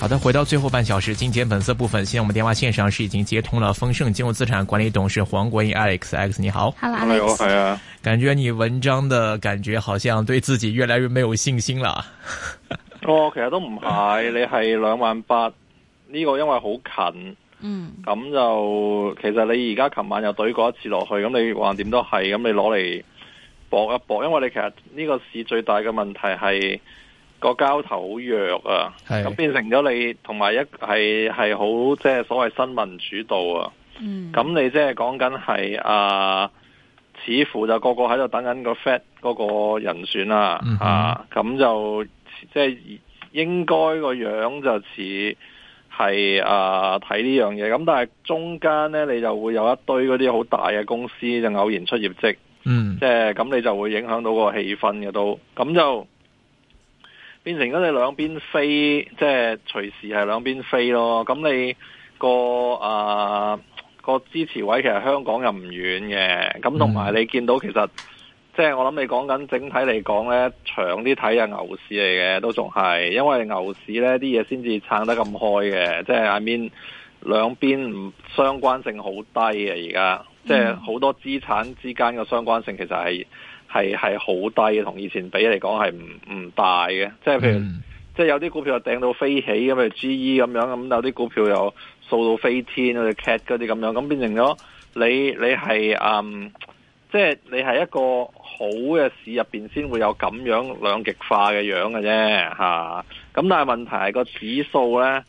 好的，回到最後半小時精簡本色部分。現在我們電話線上是已經接通了豐盛金融資產管理董事黃國英 Alex，Alex 你好。好啦，Hello 係啊，感覺你文章的感覺好像對自己越來越沒有信心啦。 我其實都唔係，你係兩萬八，呢個因為好近。嗯。咁就其實你而家琴晚又懟過一次落去，咁你話掂都係，咁你攞嚟搏一搏，因為你其實呢個市最大嘅問題係。個交頭好弱啊，咁變成咗你同埋一係係好，即係所謂新聞主導啊，咁、嗯、你即係講緊係啊，似乎就個個喺度等緊個 fat 嗰個人選啊，咁、嗯啊、就即係、就是、應該個樣就似係啊睇呢樣嘢，咁但係中間咧你就會有一堆嗰啲好大嘅公司就偶然出業績，嗯，即係咁你就會影響到個氣氛嘅都，咁就。變成咗你兩邊飛，即係隨時係兩邊飛咯。咁你個啊個支持位其實香港又唔遠嘅。咁同埋你見到其實即係我諗你講緊整體嚟講咧，長啲睇係牛市嚟嘅，都仲係因為牛市咧啲嘢先至撐得咁開嘅。即係下面兩邊相關性好低嘅而家，即係好多資產之間嘅相關性其實係，係係好低嘅，同以前比嚟講係唔唔大嘅。即係譬如，嗯、即係有啲股票又頂到飛起咁啊，GE 咁樣，咁有啲股票又掃到飛天啲 cat 嗰啲咁樣，咁變成咗你你係嗯，即係你係一個好嘅市入邊先會有咁樣兩極化嘅樣嘅啫吓。咁、啊、但係問題係個指數咧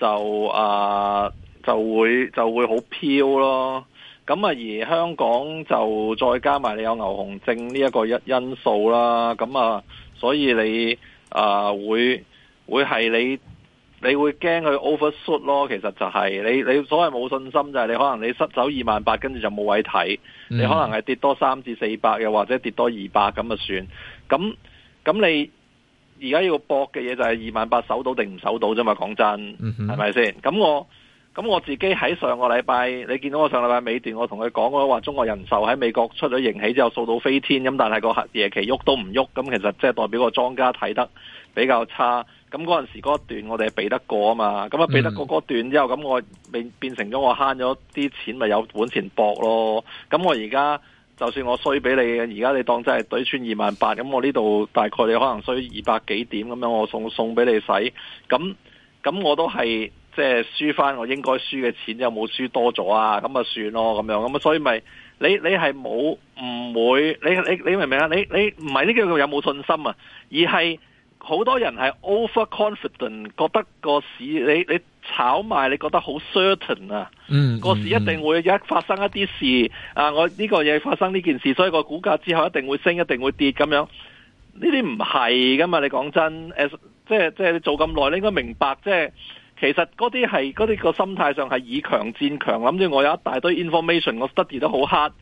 就啊、呃、就會就會好飄咯。咁啊，而香港就再加埋你有牛熊證呢一個因因素啦。咁啊，所以你啊、呃、會會係你你會驚佢 overshoot 咯。其實就係、是、你你所謂冇信心就係你可能你失守二萬八，跟住就冇位睇。你可能係跌多三至四百，又或者跌多二百咁啊算。咁咁你而家要搏嘅嘢就係二萬八守到定唔守到啫嘛。講真，係咪先？咁我。咁我自己喺上個禮拜，你見到我上禮拜尾段，我同佢講過話中國人壽喺美國出咗盈喜之後，數到飛天。咁但係個夜期喐都唔喐，咁其實即係代表個莊家睇得比較差。咁嗰陣時嗰一段我哋係比得過啊嘛。咁啊比得過嗰段之後，咁我變成咗我慳咗啲錢，咪有本錢搏咯。咁我而家就算我衰俾你，而家你當真係對穿二萬八，咁我呢度大概你可能衰二百幾點咁樣，我送送俾你使。咁咁我都係。即係輸翻我應該輸嘅錢，有冇輸多咗啊？咁啊算咯，咁樣咁啊，所以咪你你係冇唔會，你你你,你明唔明啊？你你唔係呢個有冇信心啊？而係好多人係 over confident，覺得個市你你炒賣，你覺得好 certain 啊、嗯嗯，個市一定會一發生一啲事、嗯嗯、啊，我呢個嘢發生呢件事，所以個股價之後一定會升，一定會跌咁樣。呢啲唔係噶嘛，你講真，即係即係你做咁耐，你應該明白即係。其實嗰啲係嗰啲個心態上係以強戰強，諗住我有一大堆 information，我 study 得好黑，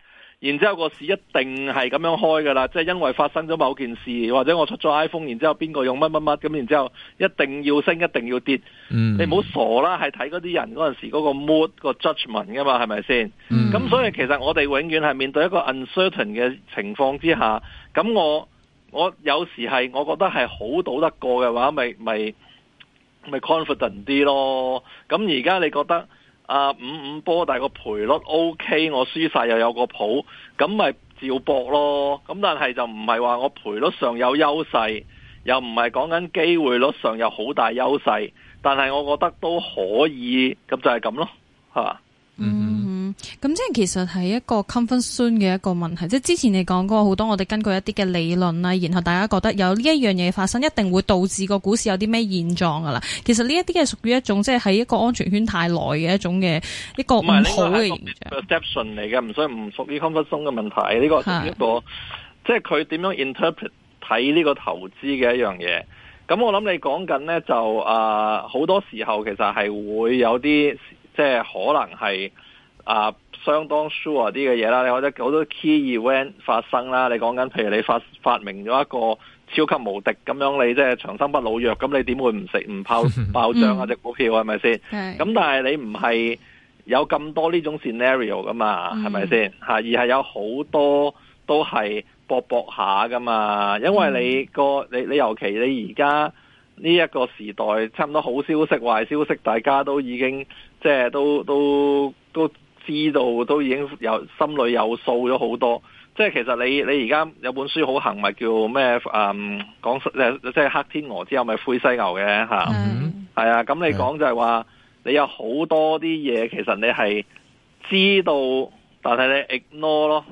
然之後個市一定係咁樣開㗎啦。即係因為發生咗某件事，或者我出咗 iPhone，然之後邊個用乜乜乜咁，然之後一定要升，一定要跌。嗯、你唔好傻啦，係睇嗰啲人嗰陣時嗰個 mood 個 judgement 㗎嘛，係咪先？咁、嗯、所以其實我哋永遠係面對一個 uncertain 嘅情況之下，咁我我有時係我覺得係好賭得過嘅話，咪咪。不咪 confident 啲咯，咁而家你覺得啊、呃、五五波，但係個賠率 OK，我輸晒又有個譜，咁咪照搏咯。咁但係就唔係話我賠率上有優勢，又唔係講緊機會率上有好大優勢，但係我覺得都可以，咁就係咁咯，嚇。嗯、mm-hmm. 咁即係其實係一個 comfort zone 嘅一個問題，即係之前你講過好多，我哋根據一啲嘅理論啊，然後大家覺得有呢一樣嘢發生，一定會導致個股市有啲咩現狀噶啦。其實呢一啲係屬於一種即係喺一個安全圈太耐嘅一種嘅一個唔好嘅。唔係呢個 perception 嚟嘅，唔所以唔屬於 comfort zone 嘅問題。呢、這個係一個即係佢點樣 interpret 睇呢個投資嘅一樣嘢。咁我諗你講緊呢，就啊，好、呃、多時候其實係會有啲即係可能係。啊，相當 sure 啲嘅嘢啦，你覺得好多 key event 發生啦，你講緊譬如你發發明咗一個超級無敵咁樣，你即係長生不老藥，咁你點會唔食唔爆爆漲啊？隻股票係咪先？咁、 嗯、但係你唔係有咁多呢種 scenario 噶嘛？係咪先嚇？而係有好多都係搏搏下噶嘛，因為你個、嗯、你你尤其你而家呢一個時代，差唔多好消息壞消息，大家都已經即係都都都。都都知道都已經有心裏有數咗好多，即係其實你你而家有本書好行，咪叫咩？誒、嗯、講即係黑天鵝之後咪灰犀牛嘅嚇，係、mm -hmm. 啊！咁你講就係話、mm -hmm. 你有好多啲嘢，其實你係知道，但係你 ignore 咯，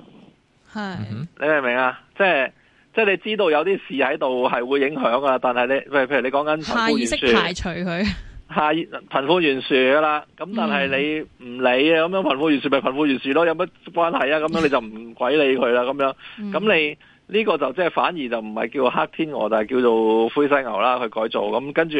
係、mm -hmm. 你明唔明啊？即係即係你知道有啲事喺度係會影響啊，但係你譬如你譬如你講緊排除佢。係貧富懸殊噶啦，咁但係你唔理、mm -hmm. 啊，咁樣貧富懸殊咪貧富懸殊咯，有乜關係啊？咁樣你就唔鬼理佢啦，咁樣，咁、mm -hmm. 你呢、這個就即係反而就唔係叫黑天鵝，就係叫做灰犀牛啦，去改造。咁跟住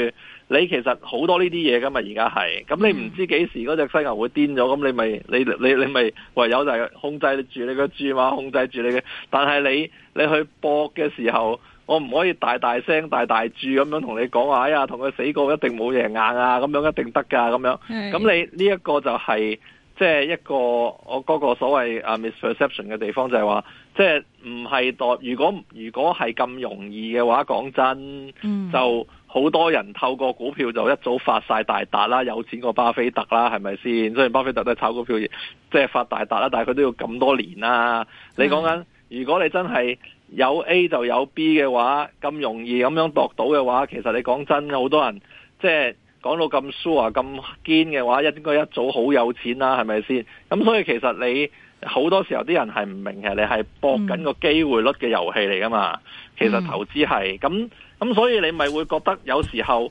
你其實好多呢啲嘢噶嘛，而家係，咁你唔知幾時嗰隻犀牛會癲咗，咁你咪你你你咪唯有就係控制住你個注碼，控制住你嘅。但係你你去搏嘅時候。我唔可以大大聲、大大注咁樣同你講話，哎呀，同佢死過一定冇嘢硬啊，咁樣一定得噶，咁樣。咁你呢、這個就是、一個就係即係一個我嗰、那個所謂啊、uh, misperception 嘅地方，就係、是、話即係唔係代。如果如果係咁容易嘅話，講真、嗯，就好多人透過股票就一早發晒大達啦，有錢過巴菲特啦，係咪先？雖然巴菲特都係炒股票，即係發大達啦，但係佢都要咁多年啦、啊。你講緊，如果你真係。有 A 就有 B 嘅話，咁容易咁樣度到嘅話，其實你講真，好多人即係、就是、講到咁 sure、咁堅嘅話，應該一早好有錢啦，係咪先？咁所以其實你好多時候啲人係唔明嘅，你係搏緊個機會率嘅遊戲嚟噶嘛、嗯。其實投資係咁咁，所以你咪會覺得有時候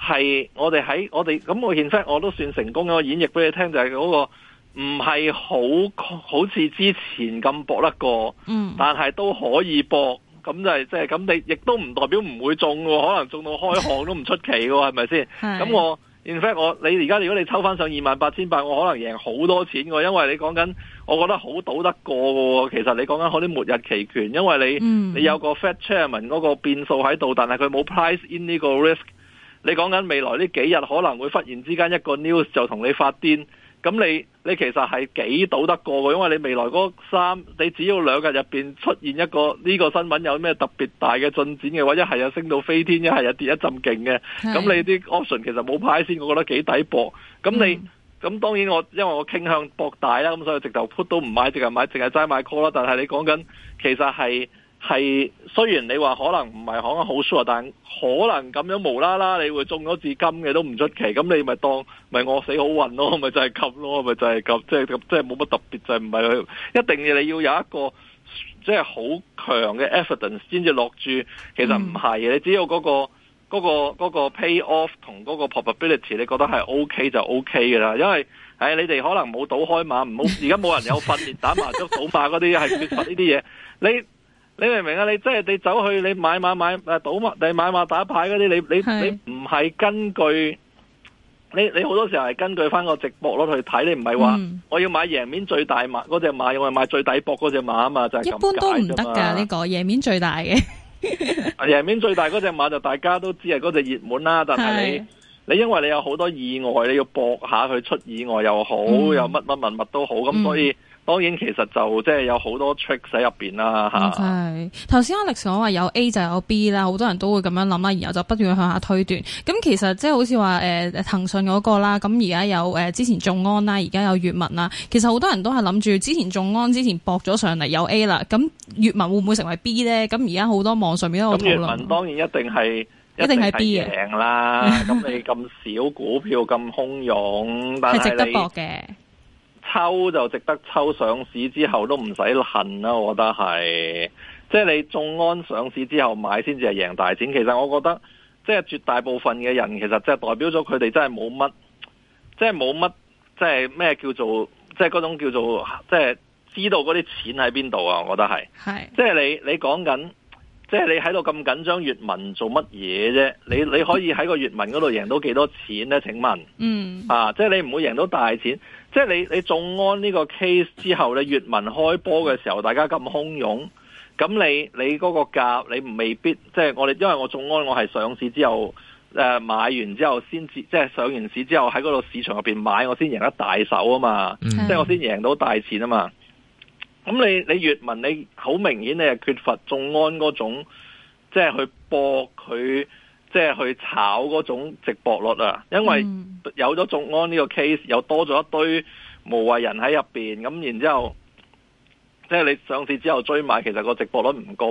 係我哋喺我哋咁我 present 我都算成功嘅，我演繹俾你聽就係嗰、那個。唔係好好似之前咁搏得過，嗯、但係都可以搏，咁就係即係咁。你亦都唔代表唔會中嘅，可能中到開項都唔出奇嘅，係咪先？咁我 in fact 我你而家如果你抽翻上二萬八千八，我可能贏好多錢嘅，因為你講緊我覺得好賭得過喎。其實你講緊嗰啲末日期權，因為你、嗯、你有個 Fed Chairman 嗰個變數喺度，但係佢冇 price in 呢個 risk。你講緊未來呢幾日可能會忽然之間一個 news 就同你發癲。咁你你其實係幾賭得過㗎？因為你未來嗰三，你只要兩日入面出現一個呢個新聞有咩特別大嘅進展嘅話，一係有升到飛天，一係有跌一陣勁嘅，咁你啲 option 其實冇派先，我覺得幾抵博。咁你咁當然我因為我傾向博大啦，咁所以直頭 put 都唔買，直頭買，淨係齋買 call 啦。但係你講緊其實係。係雖然你話可能唔係講好 sure，但可能咁樣無啦啦你會中咗至今嘅都唔出奇。咁你咪當咪餓死好運咯，咪就係咁咯，咪就係咁，即係即係冇乜特別就係唔係一定要你要有一個即係好強嘅 evidence 先至落注。其實唔係嘅，嗯、你只要嗰、那個嗰、那個嗰、那個 pay off 同嗰個 probability 你覺得係 O K 就 O K 噶啦。因為唉、哎，你哋可能冇賭開馬，唔好而家冇人有訓練打麻雀賭法嗰啲係缺乏呢啲嘢你。你明唔明啊？你即係你走去你買買買誒賭物定買馬打牌嗰啲，你你你唔係根據你你好多時候係根據翻個直播囉去睇，你唔係話我要買贏面最大隻馬嗰隻，嗯、馬，我咪買最底薄嗰隻馬啊嘛，就係、是、咁解嘛。一般都唔得噶呢個贏面最大嘅，贏 面最大嗰隻馬就大家都知係嗰隻熱門啦。但係你你因為你有好多意外，你要博下佢出意外又好，又乜乜物物都好，咁所以。嗯當然其實就即係有好多 trick 喺入邊啦嚇。係頭先 Alex 講話有 A 就有 B 啦，好多人都會咁樣諗啦，然後就不斷向下推斷。咁其實即係好似話誒騰訊嗰、嗰個啦，咁而家有誒、呃、之前眾安啦，而家有閱文啦。其實好多人都係諗住之前眾安之前博咗上嚟有 A 啦，咁閱文會唔會成為 B 咧？咁而家好多網上面都有討論。咁閱文當然一定係一定係 B 啊！咁 你咁少股票咁洶湧，係值得博嘅。抽就值得抽，上市之後都唔使恨啦，我覺得係。即係你眾安上市之後買先至係贏大錢。其實我覺得，即係絕大部分嘅人其實即係代表咗佢哋真係冇乜，即係冇乜，即係咩叫做，即係嗰種叫做，即係知道嗰啲錢喺邊度啊？我覺得係。係。即係你你講緊，即係你喺度咁緊張粵文做乜嘢啫？你你可以喺個粵文嗰度贏到幾多錢咧？請問，嗯。啊，即係你唔會贏到大錢。即係你你眾安呢個 case 之後，你粵文開波嘅時候，大家咁洶湧，咁你你嗰個價，你未必即係我哋，因為我眾安我係上市之後，誒、呃、買完之後先至，即係上完市之後喺嗰度市場入邊買，我先贏得大手啊嘛，mm。即係我先贏到大錢啊嘛。咁你你粵文你好明顯你係缺乏眾安嗰種，即係去搏佢。即係去炒嗰種直播率啊，因為有咗眾安呢個 case，又多咗一堆無謂人喺入面。咁然之後，即係你上市之後追買，其實個直播率唔高，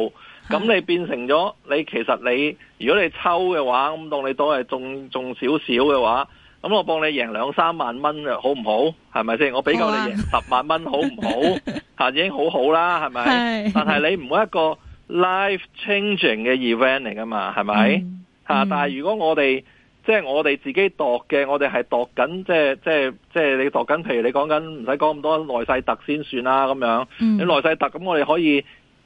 咁你變成咗你其實你如果你抽嘅話，咁當你都係中中少少嘅話，咁我幫你贏兩三萬蚊啊，好唔好？係咪先？我比較你贏十萬蚊好唔好？嚇、啊、已經好好啦，係咪？是但係你唔會一個 life-changing 嘅 event 嚟噶嘛？係咪？嗯。但係如果我哋、嗯、即係我哋自己度嘅，我哋係度緊，即係即係即係你度緊。譬如你講緊唔使講咁多內勢特先算啦，咁樣。嗯、你內勢特咁，我哋可以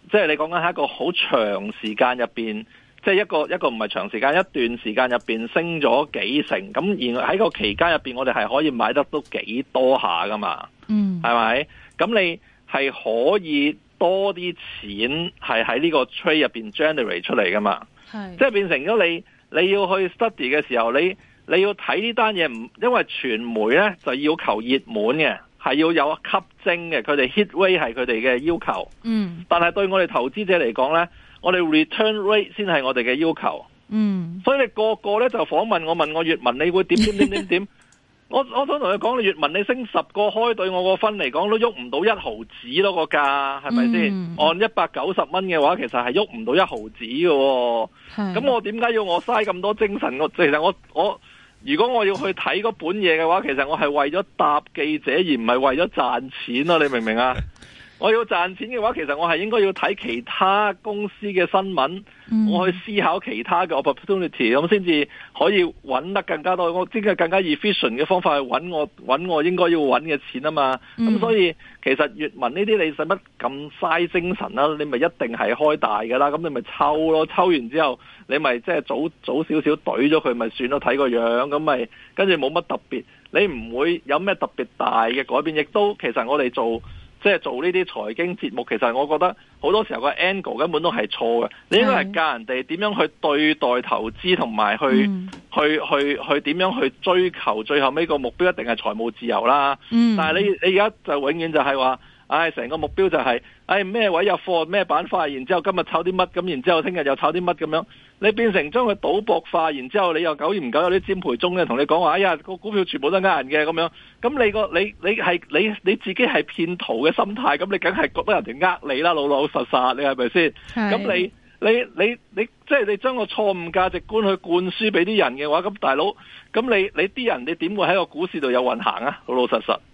即係你講緊喺一個好長時間入邊，即係一個一個唔係長時間一段時間入邊升咗幾成，咁然後喺個期間入邊，我哋係可以買得都幾多下噶嘛？嗯，係咪？咁你係可以多啲錢係喺呢個 trade 入邊 generate 出嚟噶嘛？係，即係變成咗你。你要去 study 嘅時候，你你要睇呢單嘢唔，因為傳媒呢，就要求熱門嘅，係要有吸睛嘅，佢哋 hit rate 係佢哋嘅要求。嗯，但係對我哋投資者嚟講呢，我哋 return rate 先係我哋嘅要求。嗯，所以你個個呢，就訪問我，問我粵文你會點點點點點？ 我我想同你講，你越問你升十個開對我個分嚟講都喐唔到一毫子咯，個價係咪先？按一百九十蚊嘅話，其實係喐唔到一毫子嘅、哦。咁我點解要我嘥咁多精神？我其實我我如果我要去睇嗰本嘢嘅話，其實我係為咗答記者而唔係為咗賺錢咯、啊。你明唔明啊？ 我要賺錢嘅話，其實我係應該要睇其他公司嘅新聞、嗯，我去思考其他嘅 opportunity，咁先至可以揾得更加多。我即係更加 efficient 嘅方法去揾我揾我應該要揾嘅錢啊嘛。咁、嗯、所以其實粵文呢啲你使乜咁嘥精神啦？你咪一定係開大㗎啦。咁你咪抽咯，抽完之後你咪即係早早少少懟咗佢咪算咯，睇個樣咁咪跟住冇乜特別。你唔會有咩特別大嘅改變，亦都其實我哋做。即係做呢啲財經節目，其實我覺得好多時候個 angle 根本都係錯嘅。你應該係教人哋點樣去對待投資，同埋去、嗯、去去去點樣去追求最後尾個目標，一定係財務自由啦。但係你你而家就永遠就係話，唉、哎，成個目標就係、是，唉、哎，咩位入貨，咩板塊，然之後今日炒啲乜，咁然之後聽日又炒啲乜咁樣。你變成將佢賭博化，然之後你又久而唔久有啲占賠中咧同你講話，哎呀個股票全部都呃人嘅，咁樣，咁你個你你係你你自己係騙徒嘅心態，咁你梗係覺得人哋呃你啦、就是，老老實實，你係咪先？咁你你你你即係你將個錯誤價值觀去灌輸俾啲人嘅話，咁大佬，咁你你啲人你點會喺個股市度有運行啊？老老實實。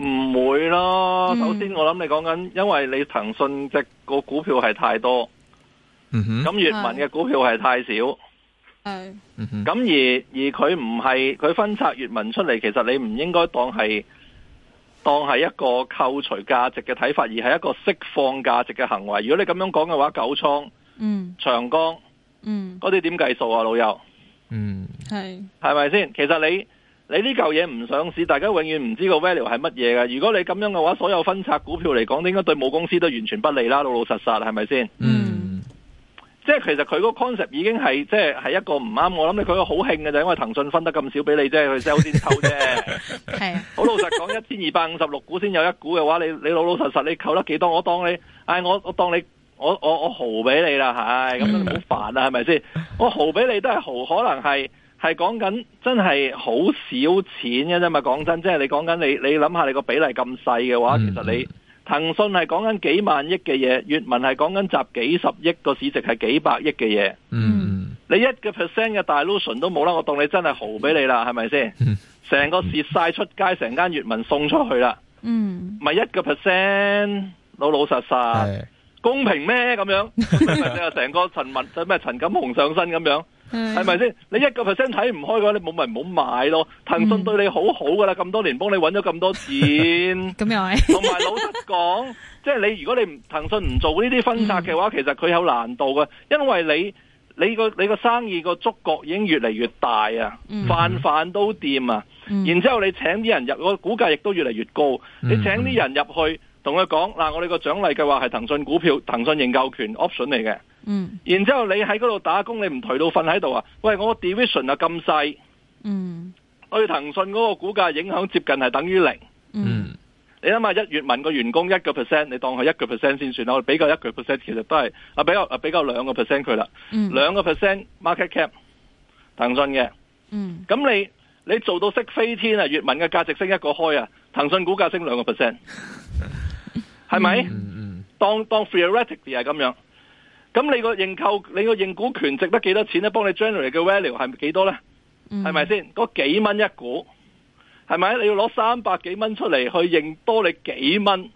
唔會咯，首先我諗你講緊、嗯，因為你騰訊隻個股票係太多，咁閱文嘅股票係太少，咁、嗯、而而佢唔係佢分拆閱文出嚟，其實你唔應該當係當係一個扣除價值嘅睇法，而係一個釋放價值嘅行為。如果你咁樣講嘅話，九倉，長、嗯、長江，嗰啲點計數啊，老友，係係咪先？其實你。你呢嚿嘢唔上市，大家永遠唔知個 value 係乜嘢㗎。如果你咁樣嘅話，所有分拆股票嚟講，應該對母公司都完全不利啦。老老實實係咪先？嗯，即係其實佢個 concept 已經係即係係一個唔啱。我諗你佢好興嘅就因為騰訊分得咁少俾你啫，佢 sell 先抽啫。好 老實講，一千二百五十六股先有一股嘅話，你你老老實實你扣得幾多？我當你唉、哎，我我當你我我我豪俾你啦，吓咁樣好煩啊，係咪先？我豪俾你，哎你，嗯、你都係豪，可能係。係講緊真係好少錢嘅啫嘛，講真，即係你講緊你，你諗下你個比例咁細嘅話，嗯，其實你騰訊係講緊幾萬億嘅嘢，閱文係講緊集幾十億個市值係幾百億嘅嘢。嗯，你一個 percent 嘅大 dilution 都冇啦，我當你真係豪俾你啦，係咪先？成個蝕晒出街，成間閱文送出去啦。嗯，咪一個 percent 老老實實公平咩咁樣？你話成個陳文咩陳錦鴻上身咁樣？係咪先？你一個 percent 睇唔開嘅話，你冇咪唔好買咯。騰訊對你好好噶啦，咁多年幫你揾咗咁多錢，咁又係。同 埋老實講，即係你如果你唔騰訊唔做呢啲分拆嘅話，其實佢有難度㗎，因為你你個你個生意個觸角已經越嚟越大啊，飯飯都掂啊。然之後你請啲人入，個股價亦都越嚟越高。你請啲人入去，同佢講嗱，我哋個獎勵計劃係騰訊股票、騰訊認購權 option 嚟嘅。嗯，然之後你喺嗰度打工，你唔頹到瞓喺度啊？喂，我個 division 啊咁細，嗯，對騰訊嗰個股價影響接近係等於零，嗯，你諗下一閱文個員工一個 percent，你當佢一個 percent 先算啦，我比較一個 percent，其實都係啊比較啊比較兩個 percent 佢啦，嗯，兩個 percent market cap 騰訊嘅，嗯，咁你你做到識飛天啊？閱文嘅價值升一個開啊，騰訊股價升兩個 percent，係咪？嗯嗯，當當 theoretically 係咁樣。咁你個認購你個認股權值得多呢多呢、mm -hmm. 幾多錢咧？幫你 generate 嘅 value 係幾多咧？係咪先？嗰幾蚊一股，係咪？你要攞三百幾蚊出嚟去認多你幾蚊？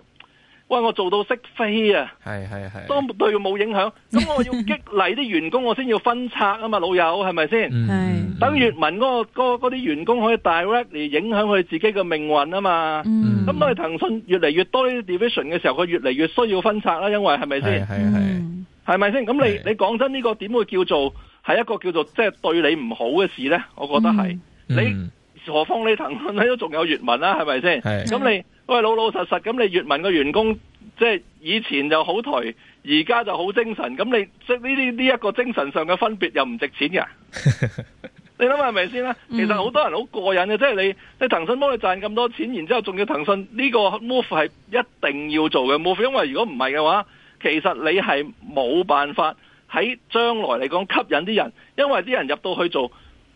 喂，我做到識飛啊！係係係，當對佢冇影響。咁我要激勵啲員工， 我先要分拆啊嘛，老友係咪先？Mm -hmm. 等越文嗰個啲員工可以 direct 嚟影響佢自己嘅命運啊嘛。咁、mm -hmm. 當係騰訊越嚟越多呢啲 division 嘅時候，佢越嚟越需要分拆啦。因為係咪先？係係。是是是 mm -hmm. 係咪先？咁你你講真呢、這個點會叫做係一個叫做即係、就是、對你唔好嘅事呢？我覺得係、嗯、你何方你騰、嗯？你騰訊你都仲有粵文啦，係咪先？咁你喂老老實實咁，你粵文嘅員工即係以前就好頹，而家就好精神。咁你即呢啲呢一個精神上嘅分別又唔值錢嘅？ 你諗下係咪先啦？其實好多人好過癮嘅、嗯，即係你你騰訊幫你賺咁多錢，然之後仲要騰訊呢個 move 係一定要做嘅 move，因為如果唔係嘅話。其實你係冇辦法喺將來嚟講吸引啲人，因為啲人入到去做，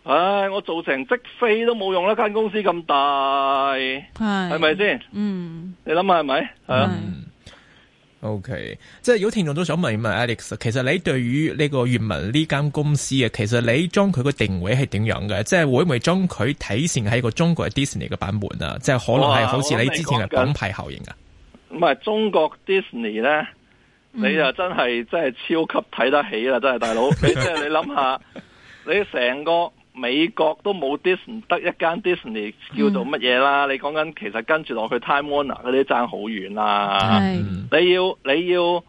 唉、哎，我做成即飛都冇用啦，間公司咁大，係咪先？嗯，你諗下係咪？啊，O K，即係如果聽眾都想問一問 Alex，其實你對於呢個閱文呢間公司嘅，其實你將佢個定位係點樣嘅？即係會唔會將佢體現係一個中國 Disney 嘅版本啊？即係可能係好似你之前嘅品牌效應啊？唔係中國 Disney 咧。你就真係、嗯、真係超級睇得起啦，真係大佬！即 係你諗、就是、下，你成個美國都冇 Disney，得一間 Disney 叫做乜嘢啦？嗯、你講緊其實跟住落去 Time Warner 嗰啲爭好遠啦！你要你要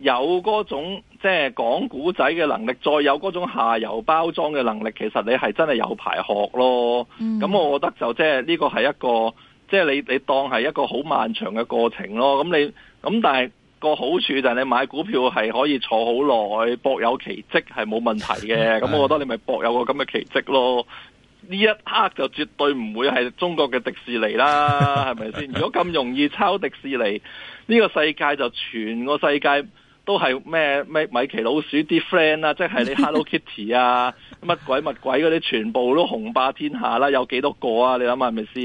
有嗰種即係講古仔嘅能力，再有嗰種下游包裝嘅能力，其實你係真係有排學咯。咁、嗯、我覺得就即係呢個係一個即係、就是、你你當係一個好漫長嘅過程咯。咁你咁但係。那個好處就係你買股票係可以坐好耐，博有奇蹟係冇問題嘅，咁我覺得你咪博有個咁嘅奇蹟咯。呢一刻就絕對唔會係中國嘅迪士尼啦，係咪先？ 如果咁容易抄迪士尼，呢、這個世界就全個世界都係咩咩米奇老鼠啲 friend 啊，即、就、係、是、你 Hello Kitty 啊，乜 鬼乜鬼啲，全部都雄霸天下啦、啊！有幾多個啊？你諗下係咪先？